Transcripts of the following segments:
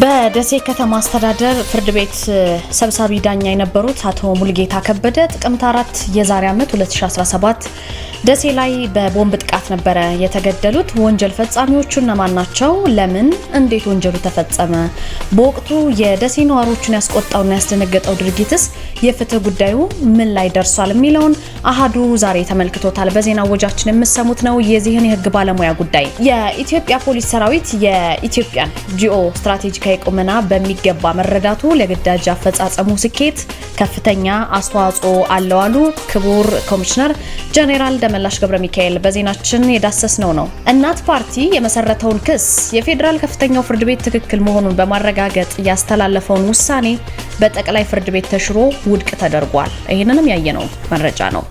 በደሴ ከተማ አስተዳደር ፍርድ ቤት ሰብሳቢ ዳኛ የነበሩት አቶ ሙልጌታ ከበደ ጥቅምት አራት የዛሬ ዓመት 2017 ደሴ ላይ በቦምብ ጥቃት ነበረ የተገደሉት። ወንጀል ፈጻሚዎቹ እነማን ናቸው? ለምን፣ እንዴት ወንጀሉ ተፈጸመ? በወቅቱ የደሴ ነዋሪዎቹን ያስቆጣውና ያስደነገጠው ድርጊትስ የፍትህ ጉዳዩ ምን ላይ ደርሷል? የሚለውን አሃዱ ዛሬ ተመልክቶታል። በዜና ወጃችን የምሰሙት ነው የዚህን የህግ ባለሙያ ጉዳይ። የኢትዮጵያ ፖሊስ ሰራዊት የኢትዮጵያን ጂኦ ስትራቴጂካዊ ቁመና በሚገባ መረዳቱ ለግዳጅ አፈጻጸሙ ስኬት ከፍተኛ አስተዋጽኦ አለው አሉ ክቡር ኮሚሽነር ጀኔራል ደመላሽ ገብረ ሚካኤል። በዜናችን ነው ነው። እናት ፓርቲ የመሰረተውን ክስ የፌዴራል ከፍተኛው ፍርድ ቤት ትክክል መሆኑን በማረጋገጥ ያስተላለፈውን ውሳኔ በጠቅላይ ፍርድ ቤት ተሽሮ ውድቅ ተደርጓል። ይህንንም ያየነው መረጃ ነው።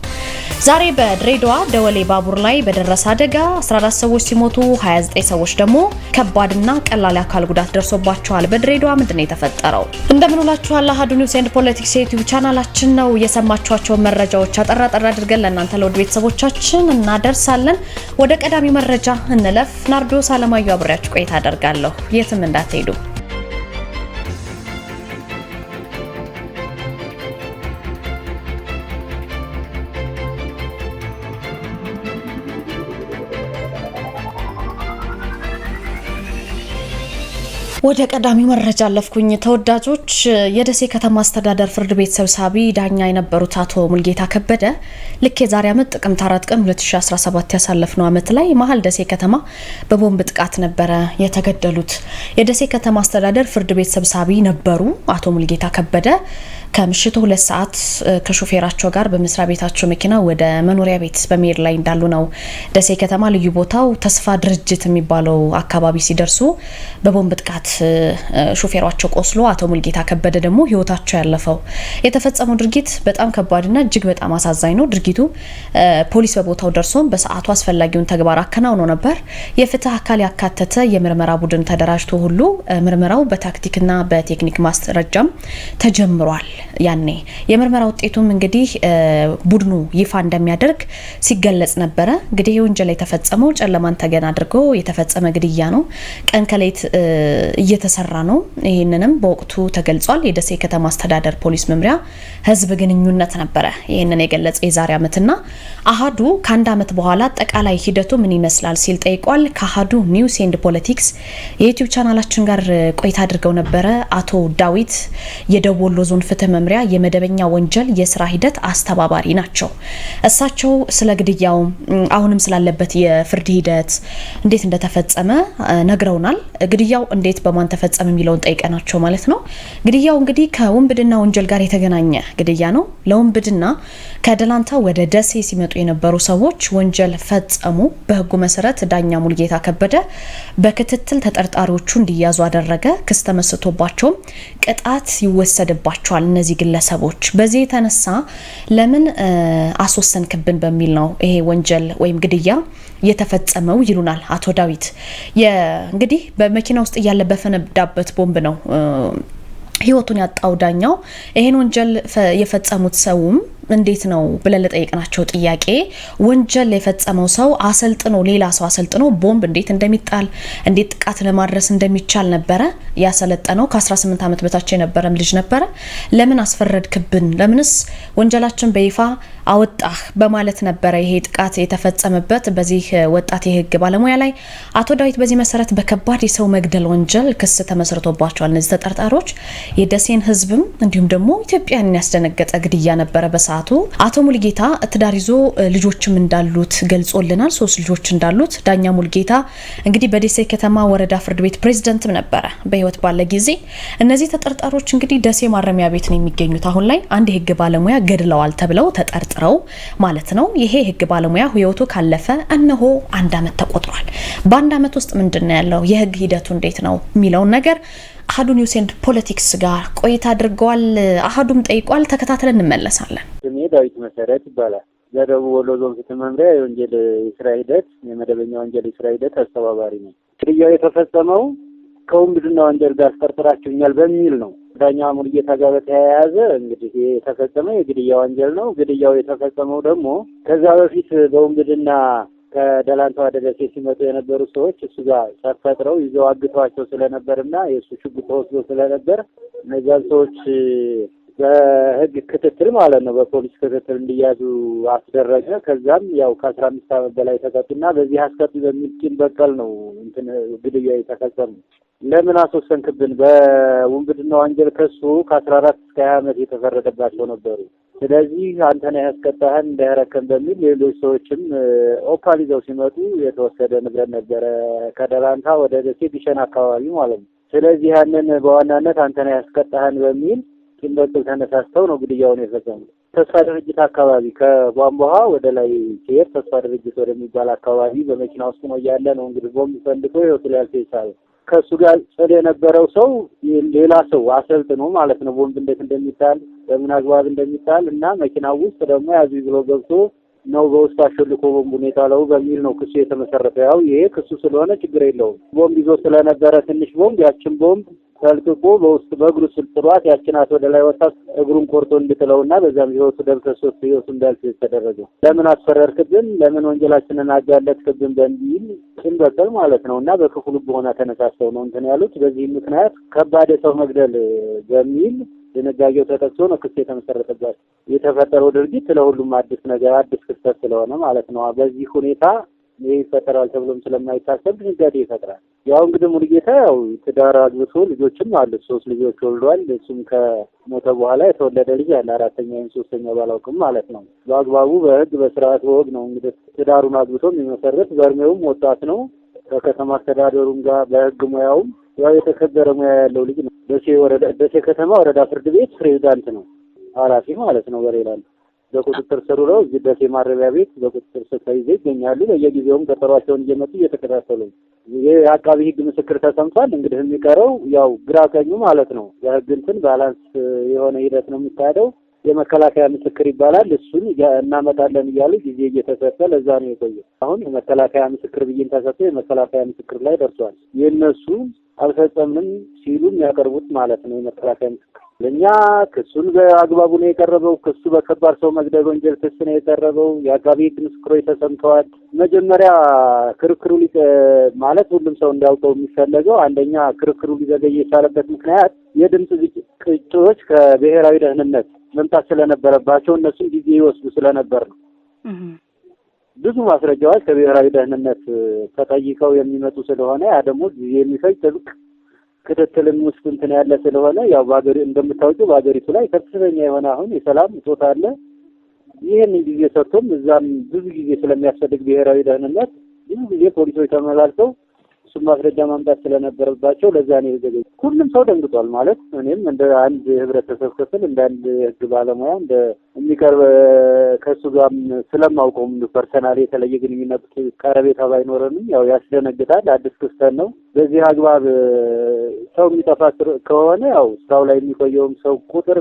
ዛሬ በድሬዳዋ ደወሌ ባቡር ላይ በደረሰ አደጋ 14 ሰዎች ሲሞቱ 29 ሰዎች ደግሞ ከባድና ቀላል አካል ጉዳት ደርሶባቸዋል። በድሬዳዋ ምንድነው የተፈጠረው? እንደምንውላችኋል። አሀዱ ኒውስ ኤንድ ፖለቲክስ የዩቲዩብ ቻናላችን ነው። የሰማችኋቸውን መረጃዎች አጠራጠር አድርገን ለእናንተ ለውድ ቤተሰቦቻችን እናደርሳለን። ወደ ቀዳሚ መረጃ እንለፍ። ናርዶስ አለማዩ አብሬያችሁ ቆይታ አደርጋለሁ። የትም እንዳትሄዱ። ወደ ቀዳሚ መረጃ አለፍኩኝ። ተወዳጆች የደሴ ከተማ አስተዳደር ፍርድ ቤት ሰብሳቢ ዳኛ የነበሩት አቶ ሙልጌታ ከበደ ልክ የዛሬ ዓመት ጥቅምት 4 ቀን 2017 ያሳለፍነው ዓመት ላይ መሀል ደሴ ከተማ በቦምብ ጥቃት ነበረ የተገደሉት። የደሴ ከተማ አስተዳደር ፍርድ ቤት ሰብሳቢ ነበሩ አቶ ሙልጌታ ከበደ ከምሽቱ ሁለት ሰዓት ከሾፌራቸው ጋር በመስሪያ ቤታቸው መኪና ወደ መኖሪያ ቤት በመሄድ ላይ እንዳሉ ነው ደሴ ከተማ ልዩ ቦታው ተስፋ ድርጅት የሚባለው አካባቢ ሲደርሱ በቦምብ ጥቃት ሾፌሯቸው ቆስሎ አቶ ሙልጌታ ከበደ ደግሞ ህይወታቸው ያለፈው። የተፈጸመው ድርጊት በጣም ከባድና እጅግ በጣም አሳዛኝ ነው። ድርጊቱ ፖሊስ በቦታው ደርሶም በሰዓቱ አስፈላጊውን ተግባር አከናውኖ ነበር። የፍትህ አካል ያካተተ የምርመራ ቡድን ተደራጅቶ ሁሉ ምርመራው በታክቲክና በቴክኒክ ማስረጃም ተጀምሯል። ያኔ የምርመራ ውጤቱም እንግዲህ ቡድኑ ይፋ እንደሚያደርግ ሲገለጽ ነበረ። እንግዲህ ይህ ወንጀል የተፈጸመው ጨለማን ተገን አድርጎ የተፈጸመ ግድያ ነው። ቀን ከሌት እየተሰራ ነው። ይህንንም በወቅቱ ተገልጿል። የደሴ ከተማ አስተዳደር ፖሊስ መምሪያ ህዝብ ግንኙነት ነበረ ይህንን የገለጸ የዛሬ ዓመትና አሃዱ ከአንድ ዓመት በኋላ አጠቃላይ ሂደቱ ምን ይመስላል ሲል ጠይቋል። ከአሃዱ ኒውስ ኤንድ ፖለቲክስ የዩቲዩብ ቻናላችን ጋር ቆይታ አድርገው ነበረ አቶ ዳዊት የደቡብ ወሎ ዞን ፍትህ መምሪያ የመደበኛ ወንጀል የስራ ሂደት አስተባባሪ ናቸው። እሳቸው ስለ ግድያው አሁንም ስላለበት የፍርድ ሂደት እንዴት እንደተፈጸመ ነግረውናል። ግድያው እንዴት በማን ተፈጸመ የሚለውን ጠይቀናቸው ማለት ነው። ግድያው እንግዲህ ከውንብድና ወንጀል ጋር የተገናኘ ግድያ ነው። ለውንብድና ከደላንታ ወደ ደሴ ሲመጡ የነበሩ ሰዎች ወንጀል ፈጸሙ። በህጉ መሰረት ዳኛ ሙልጌታ ከበደ በክትትል ተጠርጣሪዎቹ እንዲያዙ አደረገ። ክስ ተመስቶባቸውም ቅጣት ይወሰድባቸዋል። እነዚህ ግለሰቦች። በዚህ የተነሳ ለምን አስወሰንክብን በሚል ነው ይሄ ወንጀል ወይም ግድያ የተፈጸመው ይሉናል አቶ ዳዊት። እንግዲህ በመኪና ውስጥ እያለ በፈነዳበት ቦምብ ነው ህይወቱን ያጣው ዳኛው። ይሄን ወንጀል የፈጸሙት ሰውም እንዴት ነው ብለን ለጠየቅናቸው ጥያቄ ወንጀል የፈጸመው ሰው አሰልጥኖ ሌላ ሰው አሰልጥኖ ቦምብ እንዴት እንደሚጣል እንዴት ጥቃት ለማድረስ እንደሚቻል ነበረ ያሰለጠነው። ከ18 ዓመት በታች የነበረም ልጅ ነበረ። ለምን አስፈረድክብን? ለምንስ ወንጀላችን በይፋ አወጣህ? በማለት ነበረ ይሄ ጥቃት የተፈጸመበት በዚህ ወጣት የህግ ባለሙያ ላይ። አቶ ዳዊት በዚህ መሰረት በከባድ የሰው መግደል ወንጀል ክስ ተመስርቶባቸዋል። እነዚህ ተጠርጣሪዎች የደሴን ህዝብም እንዲሁም ደግሞ ኢትዮጵያን ያስደነገጠ ግድያ ነበረ በሰዓቱ በሰዓቱ አቶ ሙልጌታ ትዳር ይዞ ልጆችም እንዳሉት ገልጾልናል። ሶስት ልጆች እንዳሉት ዳኛ ሙልጌታ እንግዲህ በደሴ ከተማ ወረዳ ፍርድ ቤት ፕሬዝደንትም ነበረ በህይወት ባለ ጊዜ። እነዚህ ተጠርጣሪዎች እንግዲህ ደሴ ማረሚያ ቤት ነው የሚገኙት። አሁን ላይ አንድ የህግ ባለሙያ ገድለዋል ተብለው ተጠርጥረው ማለት ነው። ይሄ የህግ ባለሙያ ህይወቱ ካለፈ እነሆ አንድ አመት ተቆጥሯል። በአንድ አመት ውስጥ ምንድን ነው ያለው የህግ ሂደቱ እንዴት ነው የሚለውን ነገር አህዱ ኒውስ ኤንድ ፖለቲክስ ጋር ቆይታ አድርገዋል። አህዱም ጠይቋል። ተከታትለን እንመለሳለን። ስሜ ዳዊት መሰረት ይባላል። በደቡብ ወሎ ዞን ፍትህ መምሪያ የወንጀል የስራ ሂደት የመደበኛ ወንጀል የስራ ሂደት አስተባባሪ ነው። ግድያው የተፈጸመው ከውንብድና ወንጀል ጋር ጠርጥራችሁኛል በሚል ነው። ዳኛ ሙልጌታ ጋር በተያያዘ እንግዲህ የተፈጸመ የግድያ ወንጀል ነው። ግድያው የተፈጸመው ደግሞ ከዛ በፊት በውንብድና ከደላንታ ወደ ደሴ ሲመጡ የነበሩ ሰዎች እሱ ጋር ተፈጥረው ይዘው አግተዋቸው ስለነበር እና የእሱ ሽጉጥ ተወስዶ ስለነበር እነዚያን ሰዎች በህግ ክትትል ማለት ነው በፖሊስ ክትትል እንዲያዙ አስደረገ። ከዛም ያው ከአስራ አምስት አመት በላይ ተቀጡና በዚህ አስቀጡ በሚል ቂም በቀል ነው እንትን ግድያ የተፈጸሙ ለምን አስወሰንክብን? በውንብድና ወንጀል ከሱ ከአስራ አራት እስከ ሀያ ዓመት የተፈረደባቸው ነበሩ። ስለዚህ አንተ ነህ ያስቀጣህን እንዳያረከን በሚል ሌሎች ሰዎችም ኦፓል ይዘው ሲመጡ የተወሰደ ንብረት ነበረ ከደላንታ ወደ ደሴ ቢሸን አካባቢ ማለት ነው። ስለዚህ ያንን በዋናነት አንተ ነህ ያስቀጣህን በሚል ቂም በቀል ተነሳስተው ነው ግድያውን የፈጸሙ። ተስፋ ድርጅት አካባቢ ከቧንቧ ወደ ላይ ሲሄድ ተስፋ ድርጅት ወደሚባል አካባቢ በመኪና ውስጥ ነው እያለ ነው እንግዲህ ቦምብ ፈንድቶ ህይወቱ ላይ ያልተቻለ ከእሱ ጋር ጽል የነበረው ሰው ሌላ ሰው አሰልጥኖ ማለት ነው ቦምብ እንዴት እንደሚጣል በምን አግባብ እንደሚጣል እና መኪናው ውስጥ ደግሞ ያዙ ብሎ ገብቶ ነው በውስጥ አሽልኮ ቦምቡን የጣለው በሚል ነው ክሱ የተመሰረተው። ያው ይሄ ክሱ ስለሆነ ችግር የለውም። ቦምብ ይዞ ስለነበረ ትንሽ ቦምብ ያችን ቦምብ ተልቅቆ በውስጥ በእግሩ ስጥሏት ያችናት ወደ ላይ ወጣት እግሩን ቆርጦ እንድጥለውና በዛም ህይወቱ ደብተሶ ህይወቱ እንዳልፍ የተደረገው ለምን አስፈረርክብን፣ ለምን ወንጀላችንን አጋለጥክብን በሚል ቂም በቀል ማለት ነው እና በክፍሉ በሆና ተነሳስተው ነው እንትን ያሉት። በዚህ ምክንያት ከባድ ሰው መግደል በሚል ድንጋጌው ተጠቅሶ ነው ክስ የተመሰረተባቸው። የተፈጠረው ድርጊት ለሁሉም አዲስ ነገር አዲስ ክስተት ስለሆነ ማለት ነው በዚህ ሁኔታ ይህ ይፈጠራል ተብሎም ስለማይታሰብ ድንጋጤ ይፈጥራል። ያው እንግዲህ ሙሉጌታ ያው ትዳር አግብቶ ልጆችም አሉት፣ ሶስት ልጆች ወልዷል። እሱም ከሞተ በኋላ የተወለደ ልጅ አለ፣ አራተኛ ወይም ሶስተኛ ባላውቅም ማለት ነው። በአግባቡ በህግ በስርዓት በወግ ነው እንግዲህ ትዳሩን አግብቶ የሚመሰረት። በእድሜውም ወጣት ነው፣ ከከተማ አስተዳደሩም ጋር በህግ ሙያውም ያው የተከበረ ሙያ ያለው ልጅ ነው። ደሴ ወረዳ ደሴ ከተማ ወረዳ ፍርድ ቤት ፕሬዚዳንት ነው፣ ኃላፊ ማለት ነው በሌላ ነው በቁጥጥር ስር ውለው እዚህ ደሴ ማረቢያ ቤት በቁጥጥር ስር ተይዘው ይገኛሉ። በየጊዜውም ቀጠሯቸውን እየመጡ እየተከታተሉ የአቃቢ ህግ ምስክር ተሰምቷል። እንግዲህ የሚቀረው ያው ግራ ቀኙ ማለት ነው። የህግ እንትን ባላንስ የሆነ ሂደት ነው የሚካሄደው። የመከላከያ ምስክር ይባላል። እሱን እናመጣለን እያሉ ጊዜ እየተሰጠ ለዛ ነው የቆየ። አሁን የመከላከያ ምስክር ብይን ተሰጥቶ የመከላከያ ምስክር ላይ ደርሷል። የእነሱ አልፈጸምንም ሲሉ የሚያቀርቡት ማለት ነው የመከላከያ ምስክር ለእኛ ክሱን በአግባቡ ነው የቀረበው። ክሱ በከባድ ሰው መግደል ወንጀል ክስ ነው የቀረበው። የአቃቤ ሕግ ምስክሮች ተሰምተዋል። መጀመሪያ ክርክሩ ማለት ሁሉም ሰው እንዲያውቀው የሚፈለገው አንደኛ ክርክሩ ሊዘገይ የቻለበት ምክንያት የድምፅ ቅጭቶች ከብሔራዊ ደህንነት መምጣት ስለነበረባቸው እነሱም ጊዜ ይወስዱ ስለነበር ነው። ብዙ ማስረጃዎች ከብሔራዊ ደህንነት ተጠይቀው የሚመጡ ስለሆነ ያ ደግሞ የሚፈጅ ጥብቅ ክትትልም ውስጥ እንትን ያለ ስለሆነ ያው በሀገሪ እንደምታወቂው በሀገሪቱ ላይ ከፍተኛ የሆነ አሁን የሰላም እጦት አለ። ይህን ጊዜ ሰጥቶም እዛም ብዙ ጊዜ ስለሚያስፈልግ ብሔራዊ ደህንነት ብዙ ጊዜ ፖሊሶች ተመላልሰው እሱም ማስረጃ ማምጣት ስለነበረባቸው ለዛ ነው የተዘገ ሁሉም ሰው ደንግጧል። ማለት እኔም እንደ አንድ ህብረተሰብ ክፍል እንደ አንድ ህግ ባለሙያ እንደ የሚቀርብ ከእሱ ጋርም ስለማውቀውም ፐርሰናል የተለየ ግንኙነት ቀረቤታ ባይኖረንም ያው ያስደነግጣል። አዲስ ክስተን ነው። በዚህ አግባብ ሰው የሚጠፋ ከሆነ ያው ስራው ላይ የሚቆየውም ሰው ቁጥር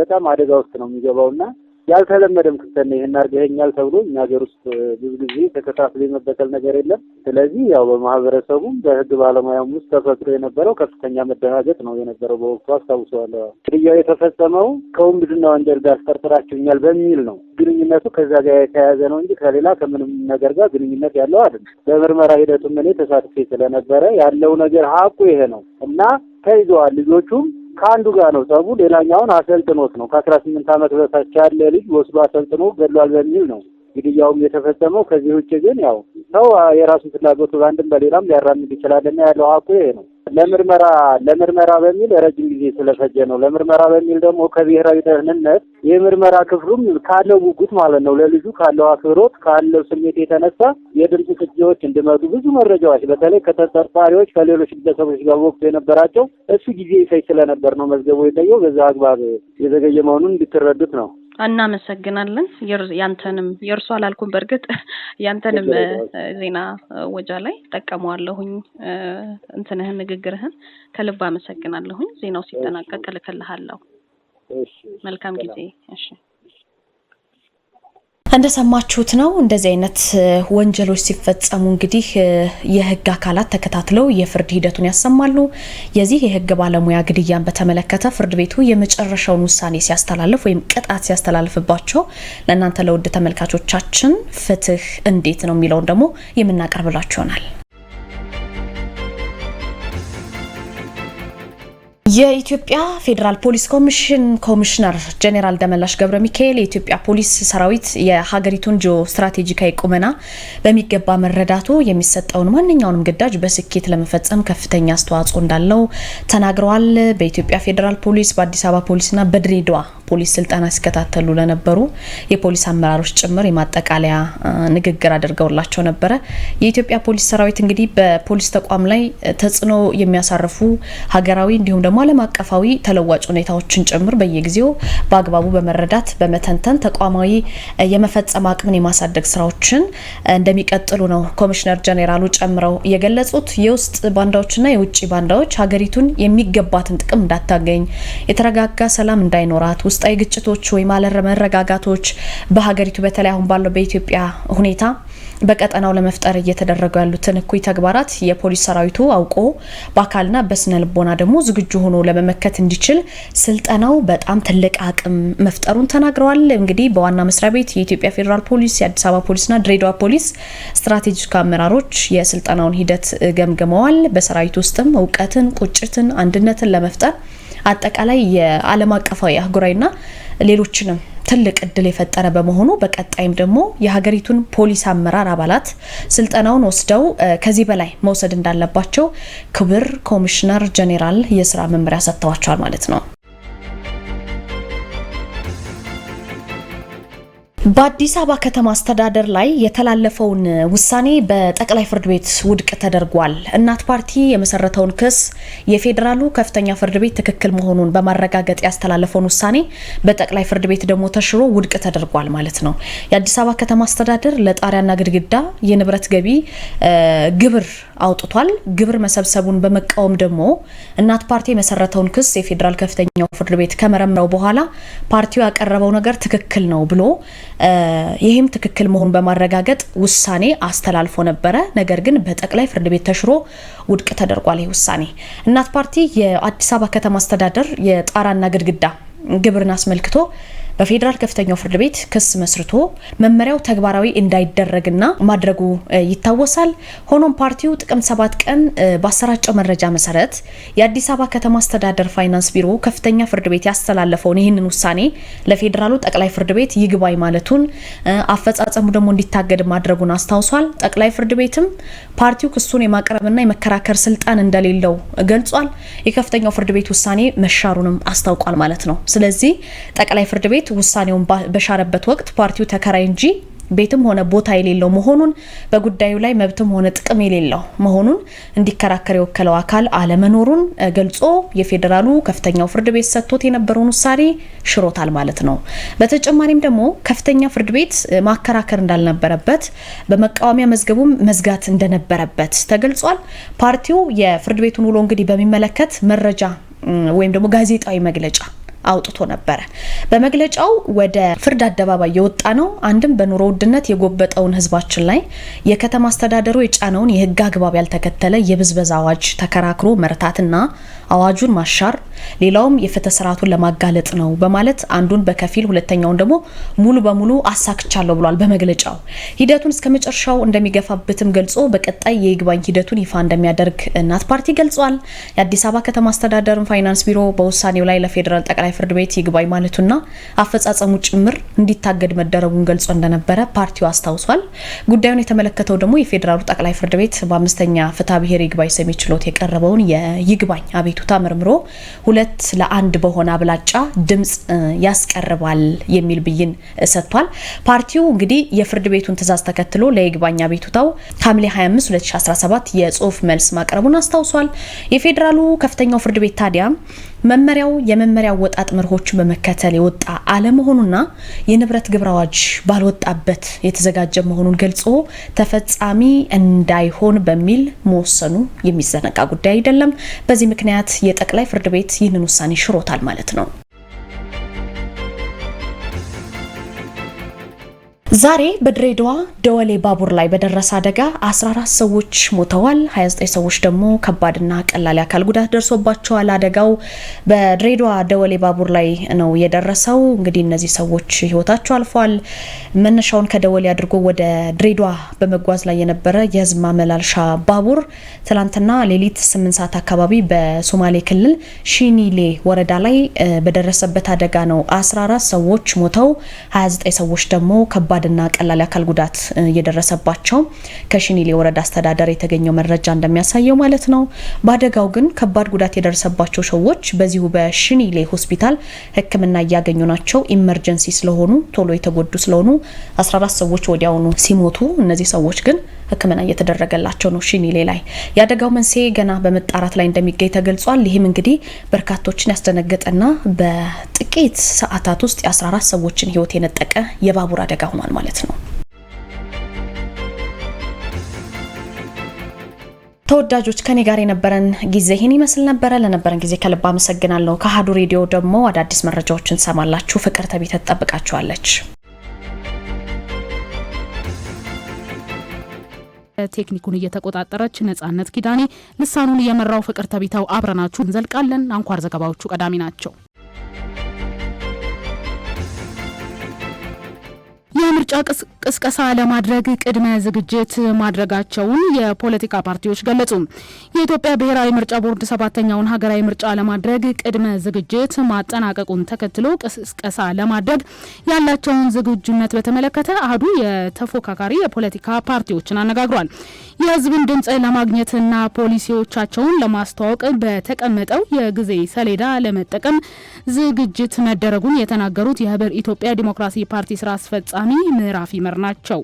በጣም አደጋ ውስጥ ነው የሚገባው ና። ያልተለመደም ክስተት ነው። ይሄን አድርገህ ይኸኛል ተብሎ እኛ ሀገር ውስጥ ብዙ ጊዜ ተከታትሎ የመበቀል ነገር የለም። ስለዚህ ያው በማህበረሰቡም በህግ ባለሙያም ውስጥ ተፈጥሮ የነበረው ከፍተኛ መደናገጥ ነው የነበረው። በወቅቱ አስታውሰዋለሁ። ግድያው የተፈጸመው ከውንብድና ወንጀል ጋር ጠርጥራችሁኛል በሚል ነው። ግንኙነቱ ከዛ ጋር የተያያዘ ነው እንጂ ከሌላ ከምንም ነገር ጋር ግንኙነት ያለው አይደለም። በምርመራ ሂደቱም እኔ ተሳትፌ ስለነበረ ያለው ነገር ሀቁ ይሄ ነው እና ተይዘዋል ልጆቹም ከአንዱ ጋር ነው ጸቡ። ሌላኛውን አሰልጥኖት ነው። ከአስራ ስምንት ዓመት በታች ያለ ልጅ ወስዶ አሰልጥኖ ገድሏል በሚል ነው ግድያውም የተፈጸመው። ከዚህ ውጭ ግን ያው ሰው የራሱን ፍላጎቱ በአንድም በሌላም ሊያራምድ ይችላልና ያለው ሀቁ ይሄ ነው። ለምርመራ ለምርመራ በሚል ረጅም ጊዜ ስለፈጀ ነው። ለምርመራ በሚል ደግሞ ከብሔራዊ ደህንነት የምርመራ ክፍሉም ካለው ጉጉት ማለት ነው ለልጁ ካለው አክብሮት ካለው ስሜት የተነሳ የድምፅ ቅጂዎች እንዲመጡ ብዙ መረጃዎች በተለይ ከተጠርጣሪዎች ከሌሎች ግለሰቦች ጋር ወቅቱ የነበራቸው እሱ ጊዜ ይፈጅ ስለነበር ነው መዝገቡ የታየው። በዛ አግባብ የዘገየ መሆኑን እንድትረዱት ነው። እናመሰግናለን። ያንተንም የእርሱ አላልኩም በእርግጥ ያንተንም ዜና ወጃ ላይ ጠቀመዋለሁኝ እንትንህን ንግግርህን ከልብ አመሰግናለሁኝ። ዜናው ሲጠናቀቅ እልክልሃለሁ። እሺ፣ መልካም ጊዜ። ሰላም። መልካም ጊዜ እሺ እንደሰማችሁት ነው። እንደዚህ አይነት ወንጀሎች ሲፈጸሙ እንግዲህ የህግ አካላት ተከታትለው የፍርድ ሂደቱን ያሰማሉ። የዚህ የህግ ባለሙያ ግድያን በተመለከተ ፍርድ ቤቱ የመጨረሻውን ውሳኔ ሲያስተላልፍ ወይም ቅጣት ሲያስተላልፍባቸው ለእናንተ ለውድ ተመልካቾቻችን ፍትህ እንዴት ነው የሚለውን ደግሞ የምናቀርብላችሁ ይሆናል። የኢትዮጵያ ፌዴራል ፖሊስ ኮሚሽን ኮሚሽነር ጀኔራል ደመላሽ ገብረ ሚካኤል የኢትዮጵያ ፖሊስ ሰራዊት የሀገሪቱን ጂኦ ስትራቴጂካዊ ቁመና በሚገባ መረዳቱ የሚሰጠውን ማንኛውንም ግዳጅ በስኬት ለመፈጸም ከፍተኛ አስተዋጽኦ እንዳለው ተናግረዋል። በኢትዮጵያ ፌዴራል ፖሊስ በአዲስ አበባ ፖሊስና በድሬዳዋ ፖሊስ ስልጠና ሲከታተሉ ለነበሩ የፖሊስ አመራሮች ጭምር የማጠቃለያ ንግግር አድርገውላቸው ነበረ። የኢትዮጵያ ፖሊስ ሰራዊት እንግዲህ በፖሊስ ተቋም ላይ ተጽዕኖ የሚያሳርፉ ሀገራዊ እንዲሁም ደግሞ ዓለም አቀፋዊ ተለዋጭ ሁኔታዎችን ጭምር በየጊዜው በአግባቡ በመረዳት በመተንተን ተቋማዊ የመፈጸም አቅምን የማሳደግ ስራዎችን እንደሚቀጥሉ ነው ኮሚሽነር ጀኔራሉ ጨምረው የገለጹት። የውስጥ ባንዳዎችና የውጭ ባንዳዎች ሀገሪቱን የሚገባትን ጥቅም እንዳታገኝ፣ የተረጋጋ ሰላም እንዳይኖራት፣ ውስጣዊ ግጭቶች ወይም አለመረጋጋቶች በሀገሪቱ በተለይ አሁን ባለው በኢትዮጵያ ሁኔታ በቀጠናው ለመፍጠር እየተደረጉ ያሉትን እኩይ ተግባራት የፖሊስ ሰራዊቱ አውቆ በአካልና በስነ ልቦና ደግሞ ዝግጁ ሆኖ ለመመከት እንዲችል ስልጠናው በጣም ትልቅ አቅም መፍጠሩን ተናግረዋል። እንግዲህ በዋና መስሪያ ቤት የኢትዮጵያ ፌዴራል ፖሊስ፣ የአዲስ አበባ ፖሊስና ድሬዳዋ ፖሊስ ስትራቴጂክ አመራሮች የስልጠናውን ሂደት ገምግመዋል። በሰራዊት ውስጥም እውቀትን፣ ቁጭትን፣ አንድነትን ለመፍጠር አጠቃላይ የዓለም አቀፋዊ አህጉራዊና ሌሎችንም ትልቅ እድል የፈጠረ በመሆኑ በቀጣይም ደግሞ የሀገሪቱን ፖሊስ አመራር አባላት ስልጠናውን ወስደው ከዚህ በላይ መውሰድ እንዳለባቸው ክብር ኮሚሽነር ጄኔራል የስራ መመሪያ ሰጥተዋቸዋል ማለት ነው። በአዲስ አበባ ከተማ አስተዳደር ላይ የተላለፈውን ውሳኔ በጠቅላይ ፍርድ ቤት ውድቅ ተደርጓል። እናት ፓርቲ የመሰረተውን ክስ የፌዴራሉ ከፍተኛ ፍርድ ቤት ትክክል መሆኑን በማረጋገጥ ያስተላለፈውን ውሳኔ በጠቅላይ ፍርድ ቤት ደግሞ ተሽሮ ውድቅ ተደርጓል ማለት ነው። የአዲስ አበባ ከተማ አስተዳደር ለጣሪያና ግድግዳ የንብረት ገቢ ግብር አውጥቷል። ግብር መሰብሰቡን በመቃወም ደግሞ እናት ፓርቲ የመሰረተውን ክስ የፌዴራል ከፍተኛው ፍርድ ቤት ከመረመረው በኋላ ፓርቲው ያቀረበው ነገር ትክክል ነው ብሎ ይህም ትክክል መሆኑን በማረጋገጥ ውሳኔ አስተላልፎ ነበረ። ነገር ግን በጠቅላይ ፍርድ ቤት ተሽሮ ውድቅ ተደርጓል። ይህ ውሳኔ እናት ፓርቲ የአዲስ አበባ ከተማ አስተዳደር የጣራና ግድግዳ ግብርን አስመልክቶ በፌዴራል ከፍተኛው ፍርድ ቤት ክስ መስርቶ መመሪያው ተግባራዊ እንዳይደረግና ማድረጉ ይታወሳል። ሆኖም ፓርቲው ጥቅምት ሰባት ቀን ባሰራጨው መረጃ መሰረት የአዲስ አበባ ከተማ አስተዳደር ፋይናንስ ቢሮ ከፍተኛ ፍርድ ቤት ያስተላለፈውን ይህንን ውሳኔ ለፌዴራሉ ጠቅላይ ፍርድ ቤት ይግባኝ ማለቱን አፈጻጸሙ ደግሞ እንዲታገድ ማድረጉን አስታውሷል። ጠቅላይ ፍርድ ቤትም ፓርቲው ክሱን የማቅረብና የመከራከር ስልጣን እንደሌለው ገልጿል። የከፍተኛው ፍርድ ቤት ውሳኔ መሻሩንም አስታውቋል ማለት ነው። ስለዚህ ጠቅላይ ፍርድ ቤት ቤት ውሳኔውን በሻረበት ወቅት ፓርቲው ተከራይ እንጂ ቤትም ሆነ ቦታ የሌለው መሆኑን በጉዳዩ ላይ መብትም ሆነ ጥቅም የሌለው መሆኑን እንዲከራከር የወከለው አካል አለመኖሩን ገልጾ የፌዴራሉ ከፍተኛው ፍርድ ቤት ሰጥቶት የነበረውን ውሳኔ ሽሮታል ማለት ነው። በተጨማሪም ደግሞ ከፍተኛ ፍርድ ቤት ማከራከር እንዳልነበረበት በመቃወሚያ መዝገቡም መዝጋት እንደነበረበት ተገልጿል። ፓርቲው የፍርድ ቤቱን ውሎ እንግዲህ በሚመለከት መረጃ ወይም ደግሞ ጋዜጣዊ መግለጫ አውጥቶ ነበረ። በመግለጫው ወደ ፍርድ አደባባይ የወጣ ነው አንድም በኑሮ ውድነት የጎበጠውን ህዝባችን ላይ የከተማ አስተዳደሩ የጫነውን የህግ አግባብ ያልተከተለ የብዝበዛ አዋጅ ተከራክሮ መርታትና አዋጁን ማሻር፣ ሌላውም የፍትህ ስርዓቱን ለማጋለጥ ነው በማለት አንዱን በከፊል ሁለተኛውን ደግሞ ሙሉ በሙሉ አሳክቻለሁ ብሏል። በመግለጫው ሂደቱን እስከ መጨረሻው እንደሚገፋበትም ገልጾ በቀጣይ የይግባኝ ሂደቱን ይፋ እንደሚያደርግ እናት ፓርቲ ገልጿል። የአዲስ አበባ ከተማ አስተዳደርን ፋይናንስ ቢሮ በውሳኔው ላይ ለፌዴራል ጠቅላይ ፍርድ ቤት ይግባኝ ማለቱና አፈጻጸሙ ጭምር እንዲታገድ መደረጉን ገልጾ እንደነበረ ፓርቲው አስታውሷል። ጉዳዩን የተመለከተው ደግሞ የፌዴራሉ ጠቅላይ ፍርድ ቤት በአምስተኛ ፍትሐ ብሔር ይግባኝ ሰሚ ችሎት የቀረበውን የይግባኝ አቤቱታ መርምሮ ሁለት ለአንድ በሆነ አብላጫ ድምፅ ያስቀርባል የሚል ብይን ሰጥቷል። ፓርቲው እንግዲህ የፍርድ ቤቱን ትዕዛዝ ተከትሎ ለይግባኝ አቤቱታው ሐምሌ 25 2017 የጽሁፍ መልስ ማቅረቡን አስታውሷል። የፌዴራሉ ከፍተኛው ፍርድ ቤት ታዲያ መመሪያው የመመሪያ ወጣት መርሆችን በመከተል የወጣ አለመሆኑና የንብረት ግብር አዋጅ ባልወጣበት የተዘጋጀ መሆኑን ገልጾ ተፈጻሚ እንዳይሆን በሚል መወሰኑ የሚዘነጋ ጉዳይ አይደለም። በዚህ ምክንያት የጠቅላይ ፍርድ ቤት ይህንን ውሳኔ ሽሮታል ማለት ነው። ዛሬ በድሬዳዋ ደወሌ ባቡር ላይ በደረሰ አደጋ 14 ሰዎች ሞተዋል። 29 ሰዎች ደግሞ ከባድና ቀላል አካል ጉዳት ደርሶባቸዋል። አደጋው በድሬዳዋ ደወሌ ባቡር ላይ ነው የደረሰው። እንግዲህ እነዚህ ሰዎች ህይወታቸው አልፏል። መነሻውን ከደወሌ አድርጎ ወደ ድሬዳዋ በመጓዝ ላይ የነበረ የህዝብ ማመላለሻ ባቡር ትላንትና ሌሊት 8 ሰዓት አካባቢ በሶማሌ ክልል ሺኒሌ ወረዳ ላይ በደረሰበት አደጋ ነው 14 ሰዎች ሞተው 29 ሰዎች ደግሞ ከባድ ከባድና ቀላል አካል ጉዳት እየደረሰባቸው ከሽኒሌ ወረዳ አስተዳደር የተገኘው መረጃ እንደሚያሳየው ማለት ነው። በአደጋው ግን ከባድ ጉዳት የደረሰባቸው ሰዎች በዚሁ በሽኒሌ ሆስፒታል ሕክምና እያገኙ ናቸው። ኢመርጀንሲ ስለሆኑ ቶሎ የተጎዱ ስለሆኑ 14 ሰዎች ወዲያውኑ ሲሞቱ፣ እነዚህ ሰዎች ግን ሕክምና እየተደረገላቸው ነው። ሽኒሌ ላይ የአደጋው መንስኤ ገና በመጣራት ላይ እንደሚገኝ ተገልጿል። ይህም እንግዲህ በርካቶችን ያስደነገጠና በጥቂት ሰዓታት ውስጥ የ14 ሰዎችን ህይወት የነጠቀ የባቡር አደጋ ሆኗል። ማለት ነው። ተወዳጆች ከኔ ጋር የነበረን ጊዜ ይህን ይመስል ነበረ። ለነበረን ጊዜ ከልብ አመሰግናለሁ። ከአሀዱ ሬዲዮ ደግሞ አዳዲስ መረጃዎችን ሰማላችሁ ፍቅር ተቢተ ትጠብቃችኋለች። ቴክኒኩን እየተቆጣጠረች ነጻነት ኪዳኔ፣ ልሳኑን እየመራው ፍቅር ተቢተው አብረናችሁ እንዘልቃለን። አንኳር ዘገባዎቹ ቀዳሚ ናቸው። የምርጫ ቅስቀሳ ለማድረግ ቅድመ ዝግጅት ማድረጋቸውን የፖለቲካ ፓርቲዎች ገለጹ። የኢትዮጵያ ብሔራዊ ምርጫ ቦርድ ሰባተኛውን ሀገራዊ ምርጫ ለማድረግ ቅድመ ዝግጅት ማጠናቀቁን ተከትሎ ቅስቀሳ ለማድረግ ያላቸውን ዝግጁነት በተመለከተ አህዱ የተፎካካሪ የፖለቲካ ፓርቲዎችን አነጋግሯል። የህዝብን ድምፅ ለማግኘትና ፖሊሲዎቻቸውን ለማስተዋወቅ በተቀመጠው የጊዜ ሰሌዳ ለመጠቀም ዝግጅት መደረጉን የተናገሩት የህብር ኢትዮጵያ ዲሞክራሲ ፓርቲ ስራ አስፈጻሚ ምዕራፍ ይመር ናቸው።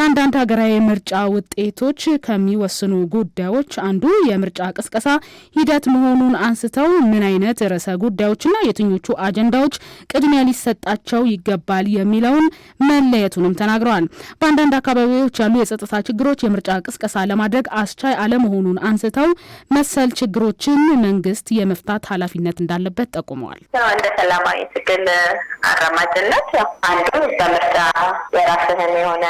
የአንዳንድ ሀገራዊ ምርጫ ውጤቶች ከሚወስኑ ጉዳዮች አንዱ የምርጫ ቅስቀሳ ሂደት መሆኑን አንስተው ምን አይነት ርዕሰ ጉዳዮችና የትኞቹ አጀንዳዎች ቅድሚያ ሊሰጣቸው ይገባል የሚለውን መለየቱንም ተናግረዋል። በአንዳንድ አካባቢዎች ያሉ የጸጥታ ችግሮች የምርጫ ቅስቀሳ ለማድረግ አስቻይ አለመሆኑን አንስተው መሰል ችግሮችን መንግስት የመፍታት ኃላፊነት እንዳለበት ጠቁመዋል። እንደ ሰላማዊ ትግል አራማጅነት አንዱ በምርጫ የራስህን የሆነ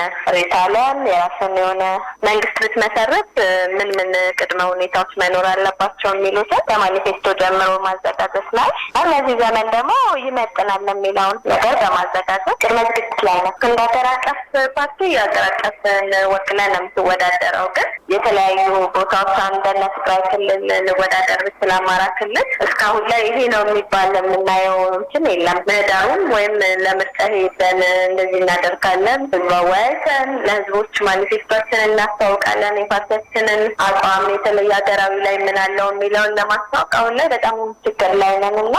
ይቻላል። የራስን የሆነ መንግስት ብትመሰረት ምን ምን ቅድመ ሁኔታዎች መኖር አለባቸው የሚሉትን ከማኒፌስቶ ጀምሮ ማዘጋጀት ላይ ለዚህ ዘመን ደግሞ ይመጥናል የሚለውን ነገር በማዘጋጀት ቅድመ ዝግጅት ላይ ነው። እንደ ሀገር አቀፍ ፓርቲ የሀገር አቀፍን ወክለን ነው የምትወዳደረው። ግን የተለያዩ ቦታዎች እንደነ ትግራይ ክልል ልወዳደር ብችል አማራ ክልል እስካሁን ላይ ይሄ ነው የሚባል የምናየው እንትን የለም። ምህዳሩም ወይም ለምርጫ ሄደን እንደዚህ እናደርጋለን ህዝባ ወያይተን ለህዝቦች ማኒፌስቶችን እናስታውቃለን። የፓርቲያችንን አቋም የተለየ ሀገራዊ ላይ ምን የሚለውን ለማስታወቅ አሁን ላይ በጣም ችግር ላይ ነን እና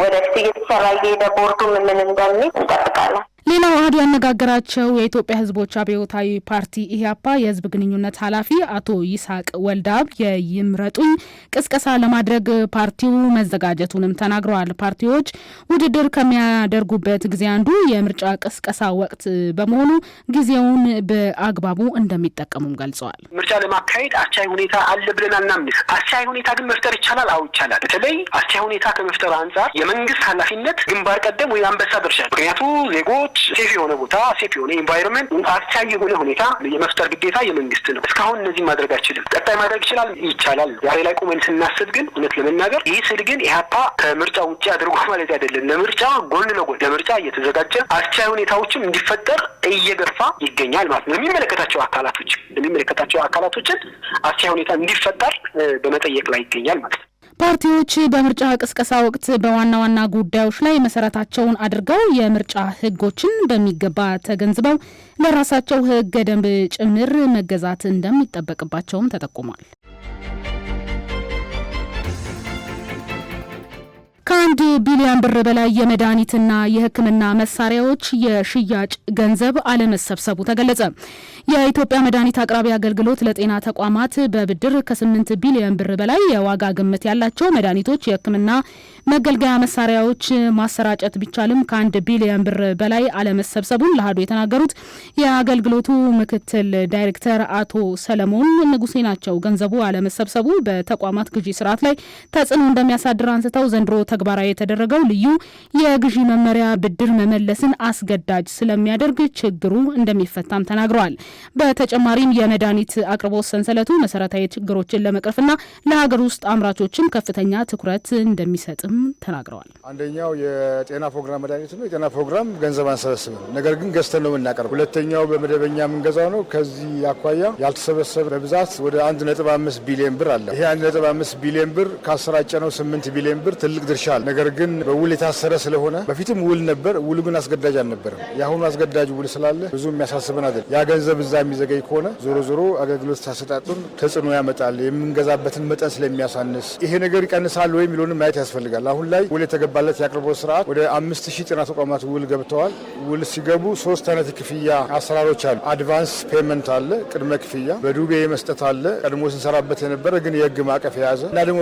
ወደፊት እየተሰራ እየሄደ ቦርዱም ምን እንደሚል እንጠብቃለን። ሌላው አህዱ ያነጋገራቸው የኢትዮጵያ ህዝቦች አብዮታዊ ፓርቲ ኢህአፓ የህዝብ ግንኙነት ኃላፊ አቶ ይስሐቅ ወልዳብ የይምረጡኝ ቅስቀሳ ለማድረግ ፓርቲው መዘጋጀቱንም ተናግረዋል። ፓርቲዎች ውድድር ከሚያደርጉበት ጊዜ አንዱ የምርጫ ቅስቀሳ ወቅት በመሆኑ ጊዜውን በአግባቡ እንደሚጠቀሙም ገልጸዋል። ምርጫ ለማካሄድ አስቻይ ሁኔታ አለ ብለን አናምንስ። አስቻይ ሁኔታ ግን መፍጠር ይቻላል። አዎ ይቻላል። በተለይ አስቻይ ሁኔታ ከመፍጠሩ አንጻር የመንግስት ኃላፊነት ግንባር ቀደም ወይ አንበሳ ድርሻ ምክንያቱ ዜጎች ሰዎች ሴፍ የሆነ ቦታ፣ ሴፍ የሆነ ኢንቫይሮንመንት፣ አስቻይ የሆነ ሁኔታ የመፍጠር ግዴታ የመንግስት ነው። እስካሁን እነዚህ ማድረግ አይችልም። ቀጣይ ማድረግ ይችላል፣ ይቻላል። ዛሬ ላይ ቁመን ስናስብ ግን እውነት ለመናገር ይህ ስል ግን ኢህአፓ ከምርጫ ውጭ አድርጎ ማለት አይደለም። ለምርጫ ጎን ለጎን ለምርጫ እየተዘጋጀ አስቻይ ሁኔታዎችም እንዲፈጠር እየገፋ ይገኛል ማለት ነው። የሚመለከታቸው አካላቶች የሚመለከታቸው አካላቶችን አስቻይ ሁኔታ እንዲፈጠር በመጠየቅ ላይ ይገኛል ማለት ነው። ፓርቲዎች በምርጫ ቅስቀሳ ወቅት በዋና ዋና ጉዳዮች ላይ መሰረታቸውን አድርገው የምርጫ ሕጎችን በሚገባ ተገንዝበው ለራሳቸው ሕገ ደንብ ጭምር መገዛት እንደሚጠበቅባቸውም ተጠቁሟል። ከአንድ ቢሊዮን ብር በላይ የመድኃኒትና የሕክምና መሳሪያዎች የሽያጭ ገንዘብ አለመሰብሰቡ ተገለጸ። የኢትዮጵያ መድኃኒት አቅራቢ አገልግሎት ለጤና ተቋማት በብድር ከስምንት 8 ቢሊዮን ብር በላይ የዋጋ ግምት ያላቸው መድኃኒቶች፣ የሕክምና መገልገያ መሳሪያዎች ማሰራጨት ቢቻልም ከአንድ ቢሊዮን ብር በላይ አለመሰብሰቡን ለአሀዱ የተናገሩት የአገልግሎቱ ምክትል ዳይሬክተር አቶ ሰለሞን ንጉሴ ናቸው። ገንዘቡ አለመሰብሰቡ በተቋማት ግዢ ስርዓት ላይ ተጽዕኖ እንደሚያሳድር አንስተው ዘንድሮ ተግባራዊ የተደረገው ልዩ የግዢ መመሪያ ብድር መመለስን አስገዳጅ ስለሚያደርግ ችግሩ እንደሚፈታም ተናግረዋል። በተጨማሪም የመድኃኒት አቅርቦት ሰንሰለቱ መሰረታዊ ችግሮችን ለመቅረፍና ለሀገር ውስጥ አምራቾችም ከፍተኛ ትኩረት እንደሚሰጥም እንደሚጀምርም ተናግረዋል። አንደኛው የጤና ፕሮግራም መድኃኒት ነው። የጤና ፕሮግራም ገንዘብ ነው፣ ነገር ግን ገዝተን ነው የምናቀርበው። ሁለተኛው በመደበኛ የምንገዛው ነው። ከዚህ አኳያ ያልተሰበሰበ በብዛት ወደ 1.5 ቢሊዮን ብር አለ። ይሄ 1.5 ቢሊዮን ብር ካሰራጨ ነው 8 ቢሊዮን ብር ትልቅ ድርሻ አለ። ነገር ግን በውል የታሰረ ስለሆነ በፊትም ውል ነበር። ውሉ ግን አስገዳጅ አልነበረም። የአሁኑ አስገዳጅ ውል ስላለ ብዙ የሚያሳስበን አይደል። ያ ገንዘብ እዛ የሚዘገይ ከሆነ ዞሮ ዞሮ አገልግሎት ታሰጣጡን ተጽዕኖ ያመጣል። የምንገዛበትን መጠን ስለሚያሳንስ ይሄ ነገር ይቀንሳል ወይም የሚለውን ማየት ያስፈልጋል። ይገኛል። አሁን ላይ ውል የተገባለት የአቅርቦት ስርዓት ወደ አምስት ሺህ ጤና ተቋማት ውል ገብተዋል። ውል ሲገቡ ሶስት አይነት ክፍያ አሰራሮች አሉ። አድቫንስ ፔመንት አለ፣ ቅድመ ክፍያ በዱቤ የመስጠት አለ፣ ቀድሞ ስንሰራበት የነበረ ግን የህግ ማዕቀፍ የያዘ እና ደግሞ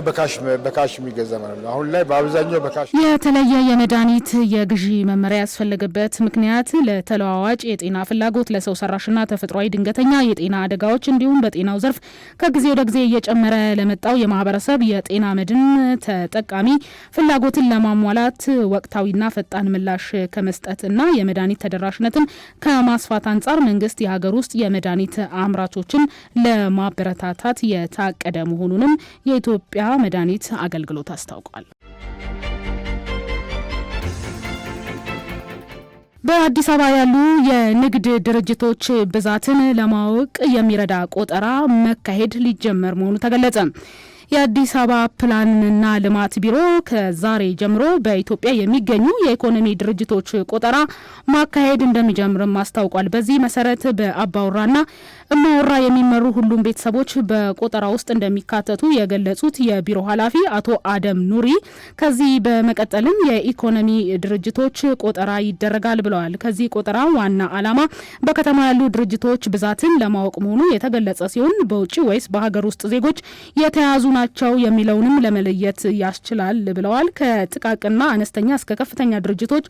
በካሽ የሚገዛ ማለት ነው። አሁን ላይ በአብዛኛው በካሽ የተለየ የመድኃኒት የግዢ መመሪያ ያስፈለገበት ምክንያት ለተለዋዋጭ የጤና ፍላጎት ለሰው ሰራሽና ተፈጥሯዊ ድንገተኛ የጤና አደጋዎች እንዲሁም በጤናው ዘርፍ ከጊዜ ወደ ጊዜ እየጨመረ ለመጣው የማህበረሰብ የጤና መድን ተጠቃሚ ፍላጎትን ለማሟላት ወቅታዊና ፈጣን ምላሽ ከመስጠትና የመድኃኒት ተደራሽነትን ከማስፋት አንጻር መንግስት የሀገር ውስጥ የመድኃኒት አምራቾችን ለማበረታታት የታቀደ መሆኑንም የኢትዮጵያ መድኃኒት አገልግሎት አስታውቋል። በአዲስ አበባ ያሉ የንግድ ድርጅቶች ብዛትን ለማወቅ የሚረዳ ቆጠራ መካሄድ ሊጀመር መሆኑ ተገለጸ። የአዲስ አበባ ፕላንና ልማት ቢሮ ከዛሬ ጀምሮ በኢትዮጵያ የሚገኙ የኢኮኖሚ ድርጅቶች ቆጠራ ማካሄድ እንደሚጀምርም አስታውቋል። በዚህ መሰረት በአባውራና እማወራ የሚመሩ ሁሉም ቤተሰቦች በቆጠራ ውስጥ እንደሚካተቱ የገለጹት የቢሮ ኃላፊ አቶ አደም ኑሪ ከዚህ በመቀጠልም የኢኮኖሚ ድርጅቶች ቆጠራ ይደረጋል ብለዋል። ከዚህ ቆጠራ ዋና ዓላማ በከተማ ያሉ ድርጅቶች ብዛትን ለማወቅ መሆኑ የተገለጸ ሲሆን በውጭ ወይስ በሀገር ውስጥ ዜጎች የተያዙ ናቸው የሚለውንም ለመለየት ያስችላል ብለዋል። ከጥቃቅና አነስተኛ እስከ ከፍተኛ ድርጅቶች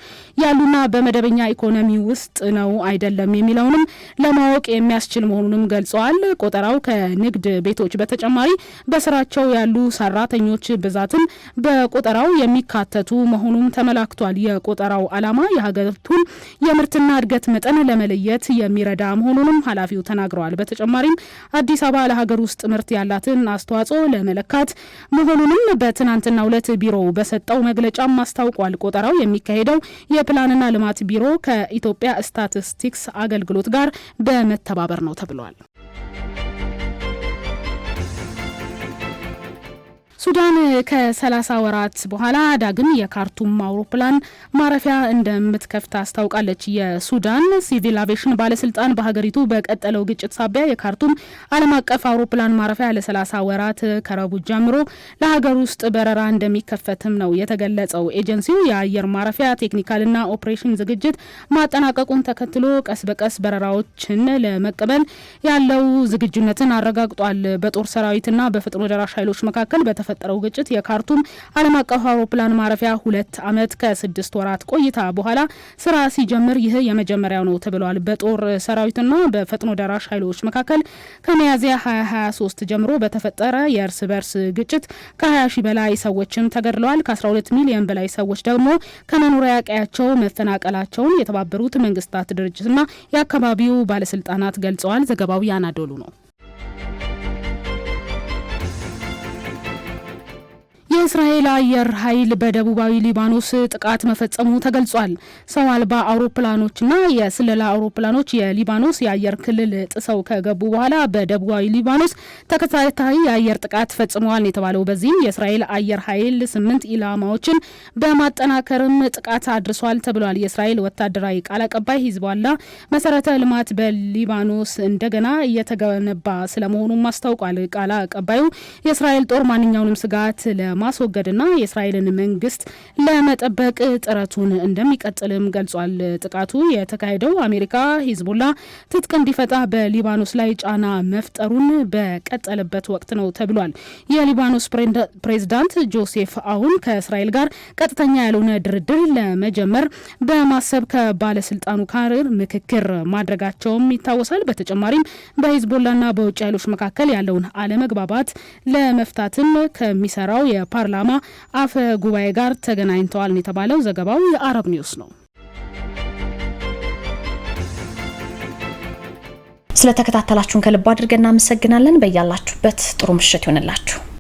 ያሉና በመደበኛ ኢኮኖሚ ውስጥ ነው አይደለም የሚለውንም ለማወቅ የሚያስችል መሆኑን መሆኑንም ገልጸዋል። ቆጠራው ከንግድ ቤቶች በተጨማሪ በስራቸው ያሉ ሰራተኞች ብዛትም በቆጠራው የሚካተቱ መሆኑም ተመላክቷል። የቆጠራው ዓላማ የሀገሪቱን የምርትና እድገት መጠን ለመለየት የሚረዳ መሆኑንም ኃላፊው ተናግረዋል። በተጨማሪም አዲስ አበባ ለሀገር ውስጥ ምርት ያላትን አስተዋጽኦ ለመለካት መሆኑንም በትናንትናው ዕለት ቢሮው በሰጠው መግለጫም አስታውቋል። ቆጠራው የሚካሄደው የፕላንና ልማት ቢሮ ከኢትዮጵያ ስታቲስቲክስ አገልግሎት ጋር በመተባበር ነው ተብሏል። বলওয়াল ሱዳን ከሰላሳ ወራት በኋላ ዳግም የካርቱም አውሮፕላን ማረፊያ እንደምትከፍት አስታውቃለች። የሱዳን ሲቪል አቬሽን ባለስልጣን በሀገሪቱ በቀጠለው ግጭት ሳቢያ የካርቱም ዓለም አቀፍ አውሮፕላን ማረፊያ ለሰላሳ ወራት ከረቡ ጀምሮ ለሀገር ውስጥ በረራ እንደሚከፈትም ነው የተገለጸው። ኤጀንሲው የአየር ማረፊያ ቴክኒካልና ኦፕሬሽን ዝግጅት ማጠናቀቁን ተከትሎ ቀስ በቀስ በረራዎችን ለመቀበል ያለው ዝግጁነትን አረጋግጧል። በጦር ሰራዊትና በፈጥኖ ደራሽ ኃይሎች መካከል በተፈ በተፈጠረው ግጭት የካርቱም ዓለም አቀፍ አውሮፕላን ማረፊያ ሁለት ዓመት ከስድስት ወራት ቆይታ በኋላ ስራ ሲጀምር ይህ የመጀመሪያው ነው ተብሏል። በጦር ሰራዊትና በፈጥኖ ደራሽ ኃይሎች መካከል ከሚያዝያ 2023 ጀምሮ በተፈጠረ የእርስ በርስ ግጭት ከ20 ሺ በላይ ሰዎችም ተገድለዋል። ከ12 ሚሊዮን በላይ ሰዎች ደግሞ ከመኖሪያ ቀያቸው መፈናቀላቸውን የተባበሩት መንግስታት ድርጅትና የአካባቢው ባለስልጣናት ገልጸዋል። ዘገባው ያናዶሉ ነው። የእስራኤል አየር ኃይል በደቡባዊ ሊባኖስ ጥቃት መፈጸሙ ተገልጿል። ሰው አልባ አውሮፕላኖችና የስለላ አውሮፕላኖች የሊባኖስ የአየር ክልል ጥሰው ከገቡ በኋላ በደቡባዊ ሊባኖስ ተከታታይ የአየር ጥቃት ፈጽመዋል የተባለው በዚህም የእስራኤል አየር ኃይል ስምንት ኢላማዎችን በማጠናከርም ጥቃት አድርሷል ተብሏል። የእስራኤል ወታደራዊ ቃል አቀባይ ሂዝቧላ መሰረተ ልማት በሊባኖስ እንደገና እየተገነባ ስለመሆኑም አስታውቋል። ቃል አቀባዩ የእስራኤል ጦር ማንኛውንም ስጋት ለማ ለማስወገድና የእስራኤልን መንግስት ለመጠበቅ ጥረቱን እንደሚቀጥልም ገልጿል። ጥቃቱ የተካሄደው አሜሪካ ሂዝቡላ ትጥቅ እንዲፈታ በሊባኖስ ላይ ጫና መፍጠሩን በቀጠለበት ወቅት ነው ተብሏል። የሊባኖስ ፕሬዝዳንት ጆሴፍ አውን ከእስራኤል ጋር ቀጥተኛ ያልሆነ ድርድር ለመጀመር በማሰብ ከባለስልጣኑ ጋር ምክክር ማድረጋቸውም ይታወሳል። በተጨማሪም በሂዝቦላና በውጭ ኃይሎች መካከል ያለውን አለመግባባት ለመፍታትም ከሚሰራው የፓ ፓርላማ አፈ ጉባኤ ጋር ተገናኝተዋል የተባለው ዘገባው የአረብ ኒውስ ነው። ስለተከታተላችሁን ከልብ አድርገን እናመሰግናለን። በያላችሁበት ጥሩ ምሽት ይሆንላችሁ።